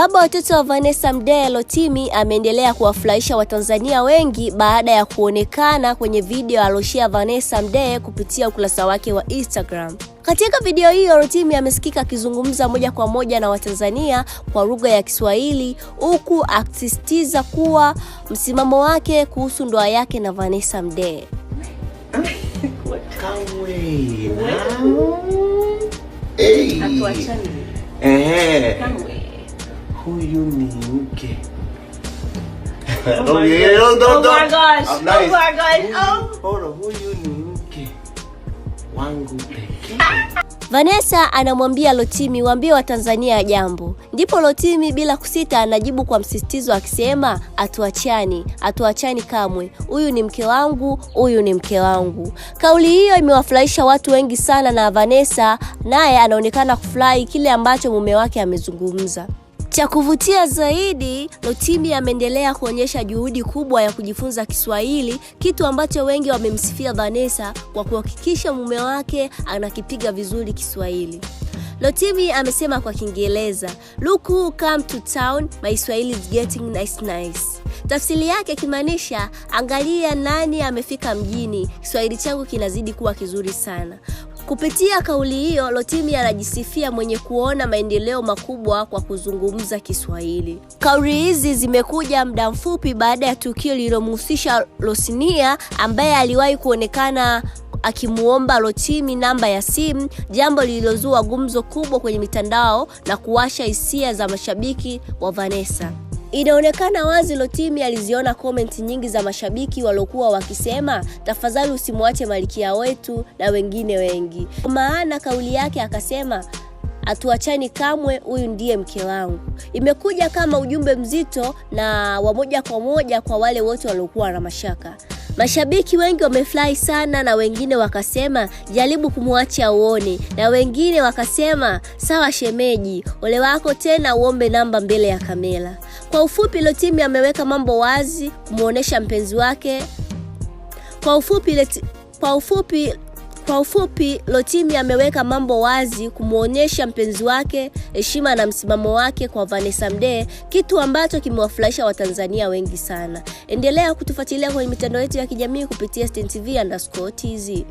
Baba watoto wa Vanessa Mdee Lotimi ameendelea kuwafurahisha Watanzania wengi baada ya kuonekana kwenye video aloshia Vanessa Mdee kupitia ukurasa wake wa Instagram. Katika video hiyo Rotimi amesikika akizungumza moja kwa moja na Watanzania kwa lugha ya Kiswahili huku akisisitiza kuwa msimamo wake kuhusu ndoa yake na Vanessa Mdee huyu ni mke. Oh my gosh. Huyu ni mke wangu pekee. Vanessa anamwambia Lotimi waambie Watanzania jambo. Ndipo Lotimi bila kusita anajibu kwa msisitizo akisema atuachani, atuachani kamwe. Huyu ni mke wangu, huyu ni mke wangu. Kauli hiyo imewafurahisha watu wengi sana na Vanessa naye anaonekana kufurahi kile ambacho mume wake amezungumza. Cha kuvutia zaidi, lotimi ameendelea kuonyesha juhudi kubwa ya kujifunza Kiswahili, kitu ambacho wengi wamemsifia Vanessa kwa kuhakikisha mume wake anakipiga vizuri Kiswahili. lotimi amesema kwa Kiingereza, Look who come to town, my Swahili is getting nice nice. Tafsiri yake ikimaanisha angalia nani amefika mjini, Kiswahili changu kinazidi kuwa kizuri sana. Kupitia kauli hiyo, Rotimi anajisifia mwenye kuona maendeleo makubwa kwa kuzungumza Kiswahili. Kauli hizi zimekuja muda mfupi baada ya tukio lililomhusisha Rosinia ambaye aliwahi kuonekana akimuomba Rotimi namba ya simu, jambo lililozua gumzo kubwa kwenye mitandao na kuwasha hisia za mashabiki wa Vanessa. Inaonekana wazi Lotimi aliziona komenti nyingi za mashabiki waliokuwa wakisema tafadhali usimwache malkia wetu na wengine wengi. Kwa maana kauli yake akasema hatuachani kamwe, huyu ndiye mke wangu. Imekuja kama ujumbe mzito na wa moja kwa moja kwa wale wote waliokuwa na mashaka. Mashabiki wengi wamefurahi sana na wengine wakasema jaribu kumwacha uone, na wengine wakasema sawa shemeji, ole wako tena uombe namba mbele ya kamera. Kwa ufupi, lo timu ameweka mambo wazi kumuonesha mpenzi wake. Kwa ufupi, kwa ufupi kwa ufupi, Lotimi ameweka mambo wazi kumwonyesha mpenzi wake heshima na msimamo wake kwa Vanessa Mdee, kitu ambacho kimewafurahisha Watanzania wengi sana. Endelea kutufuatilia kwenye mitandao yetu ya kijamii kupitia StanTV_tz.